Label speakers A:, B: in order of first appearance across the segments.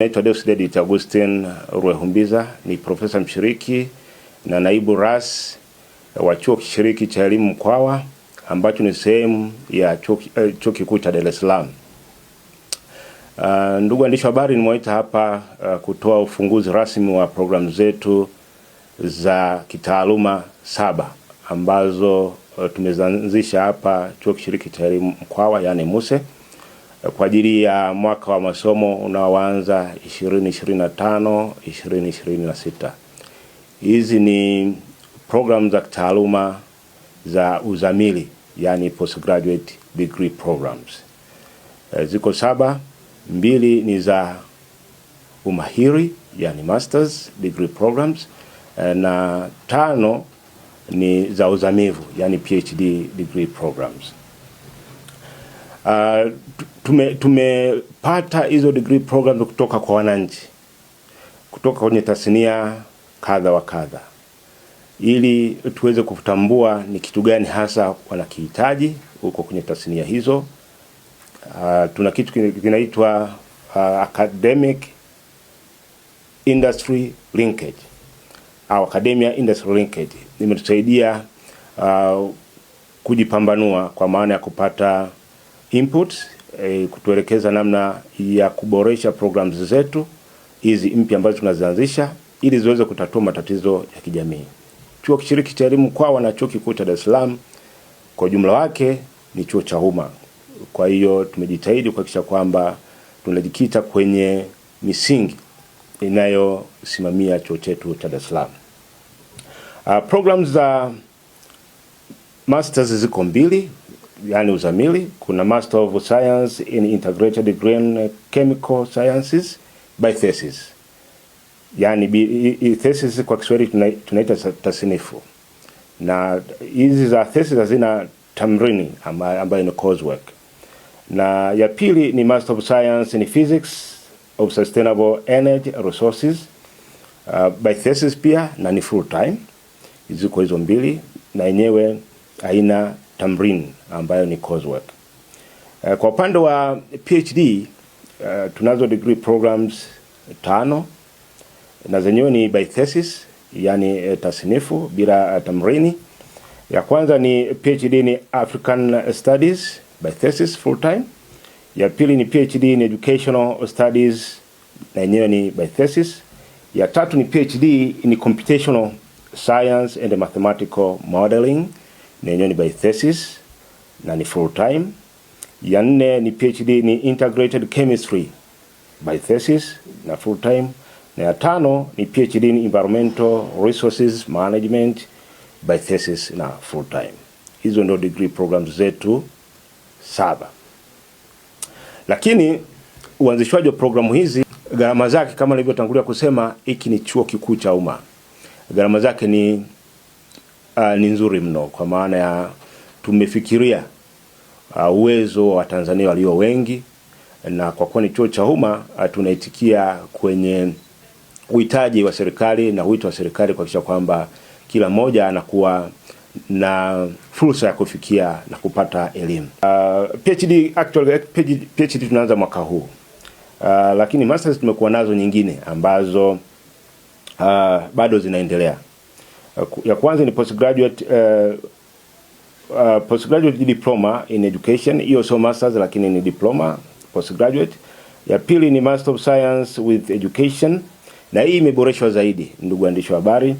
A: Naitwa Deusdedit Augustine Rwehumbiza, ni profesa mshiriki na naibu ras wa chuo kishiriki cha elimu Mkwawa ambacho ni sehemu ya chuo eh, kikuu cha Dar es Salaam. Uh, ndugu waandishi wa habari, nimewaita hapa uh, kutoa ufunguzi rasmi wa programu zetu za kitaaluma saba ambazo uh, tumezianzisha hapa chuo kishiriki cha elimu Mkwawa, yaani MUSE kwa ajili ya mwaka wa masomo unaoanza 2025 2026. Hizi ni programu za kitaaluma za uzamili, yani postgraduate degree programs. E, ziko saba, mbili ni za umahiri, yani masters degree programs, e, na tano ni za uzamivu, yani PhD degree programs. Uh, tume, tumepata hizo degree programs kutoka kwa wananchi kutoka kwenye tasnia kadha wa kadha, ili tuweze kutambua ni kitu gani hasa wanakihitaji huko kwenye tasnia hizo. Uh, tuna kitu kinaitwa uh, academic industry linkage au academia industry linkage, imetusaidia uh, kujipambanua kwa maana ya kupata input eh, kutuelekeza namna ya kuboresha programs zetu hizi mpya ambazo tunazianzisha ili ziweze kutatua matatizo ya kijamii. Chuo kishiriki cha elimu Kwawa na chuo kikuu cha Dar es Salaam kwa ujumla wake ni chuo cha umma. Kwa hiyo tumejitahidi kuhakikisha kwamba tunajikita kwenye misingi inayosimamia chuo chetu cha Dar es Salaam. Uh, programs za uh, masters ziko mbili, yani uzamili. Kuna Master of Science in Integrated green Chemical Sciences by thesis, yani bi, i, i, thesis kwa Kiswahili tunaita tasnifu, na hizi za thesis hazina tamrini ambayo ni coursework, na ya pili ni Master of Science in Physics of Sustainable Energy Resources uh, by thesis pia na ni full time. Ziko hizo mbili na yenyewe aina tamrin ambayo ni coursework. Eh, kwa upande wa PhD uh, eh, tunazo degree programs tano na zenyewe ni by thesis, yani eh, tasnifu bila tamrini. Ya kwanza ni PhD ni African Studies by thesis full time. Ya pili ni PhD in Educational Studies na yenyewe ni by thesis. Ya tatu ni PhD in Computational Science and Mathematical Modeling na yenyewe ni by thesis na ni full time. Ya nne ni PhD ni integrated chemistry by thesis na full time, na ya tano ni PhD in environmental resources management by thesis na full time. Hizo ndio degree programs zetu saba, lakini uanzishwaji wa programu hizi gharama zake kama nilivyotangulia kusema, hiki ni chuo kikuu cha umma, gharama zake ni uh, ni nzuri mno kwa maana ya tumefikiria uh, uwezo wa Watanzania walio wengi, na kwa kuwa ni chuo cha umma uh, tunaitikia kwenye uhitaji wa serikali na wito wa serikali kuhakikisha kwamba kila mmoja anakuwa na fursa ya kufikia na kupata elimu. Uh, PhD, actually, PhD tunaanza mwaka huu uh, lakini masters tumekuwa nazo nyingine ambazo uh, bado zinaendelea ya kwanza ni postgraduate uh, uh, postgraduate diploma in education, hiyo sio masters lakini ni diploma postgraduate. Ya pili ni master of science with education, na hii imeboreshwa zaidi, ndugu waandishi wa habari.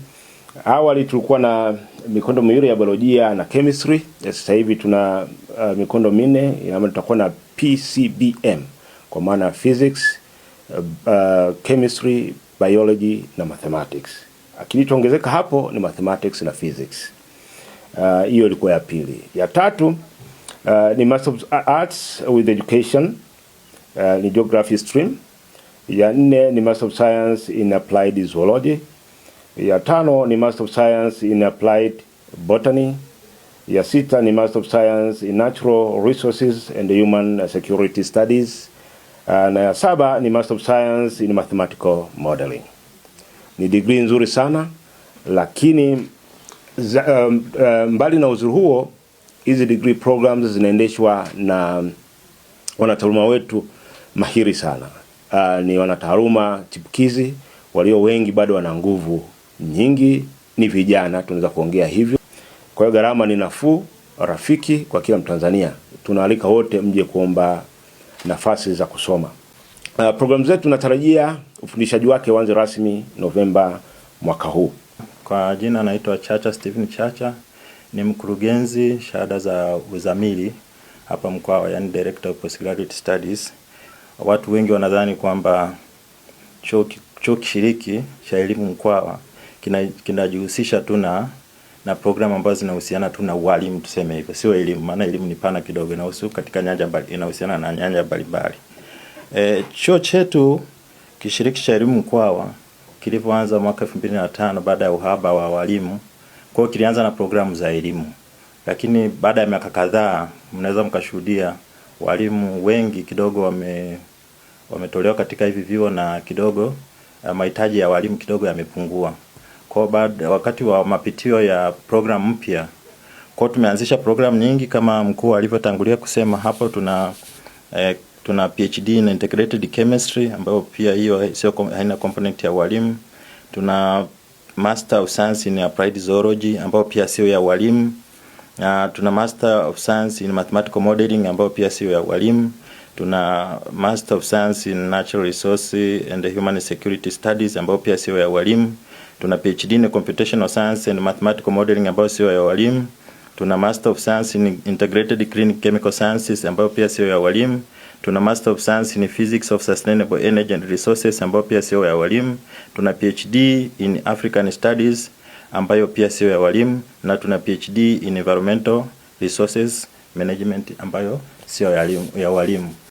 A: Awali tulikuwa na mikondo miwili ya biolojia na chemistry, sasa hivi tuna uh, mikondo minne, ama tutakuwa na PCBM kwa maana physics, uh, uh, chemistry, biology na mathematics. Kilichoongezeka hapo ni mathematics na physics. Ah, hiyo uh, ilikuwa ya pili. Ya tatu uh, ni Master of Arts with Education uh, ni Geography stream. Ya nne ni Master of Science in Applied Zoology. Ya tano ni Master of Science in Applied Botany. Ya sita ni Master of Science in Natural Resources and Human Security Studies. Uh, na ya saba ni Master of Science in Mathematical Modeling. Ni degree nzuri sana lakini za, um, uh, mbali na uzuri huo, hizi degree programs zinaendeshwa na wanataaluma wetu mahiri sana. Uh, ni wanataaluma chipukizi walio wengi bado wana nguvu nyingi, ni vijana, tunaweza kuongea hivyo. Kwa hiyo gharama ni nafuu, rafiki kwa kila Mtanzania. Tunaalika wote mje kuomba nafasi za kusoma. Uh, programu zetu tunatarajia ufundishaji wake uanze rasmi Novemba mwaka huu.
B: Kwa jina naitwa Chacha Stephen Chacha, ni mkurugenzi shahada za uzamili hapa Mkwawa, yani director of postgraduate studies. Watu wengi wanadhani kwamba chuo kishiriki cha elimu Mkwawa kinajihusisha kina tu na na programu ambazo zinahusiana tu na walimu, tuseme hivyo, sio elimu, maana elimu ni pana kidogo, inahusu katika nyanja mbali, inahusiana na nyanja mbalimbali. E, chuo chetu kishirikisha elimu Mkwawa kilivyoanza mwaka 2005 baada ya uhaba wa walimu. Kwa hiyo kilianza na programu za elimu, lakini baada ya miaka kadhaa mnaweza mkashuhudia walimu wengi kidogo wame wametolewa katika hivi vyuo na kidogo eh, mahitaji ya walimu kidogo yamepungua. Kwa baada wakati wa mapitio ya program mpya, kwa tumeanzisha program nyingi kama mkuu alivyotangulia kusema hapo, tuna eh, Tuna PhD in integrated chemistry ambayo pia hiyo sio haina component ya walimu. Tuna master of science in applied zoology ambayo pia sio ya walimu. Na tuna master of science in mathematical modeling ambayo pia sio ya walimu. Tuna master of science in natural resources and human security studies ambayo pia sio ya walimu. Tuna PhD in computational science and mathematical modeling ambayo sio ya walimu. Tuna master of science in integrated clinical chemical sciences ambayo pia sio ya walimu. Tuna Master of Science in Physics of Sustainable Energy and Resources ambayo pia sio ya walimu. Tuna PhD in African Studies ambayo pia sio ya walimu, na tuna PhD in Environmental Resources Management ambayo sio ya walimu.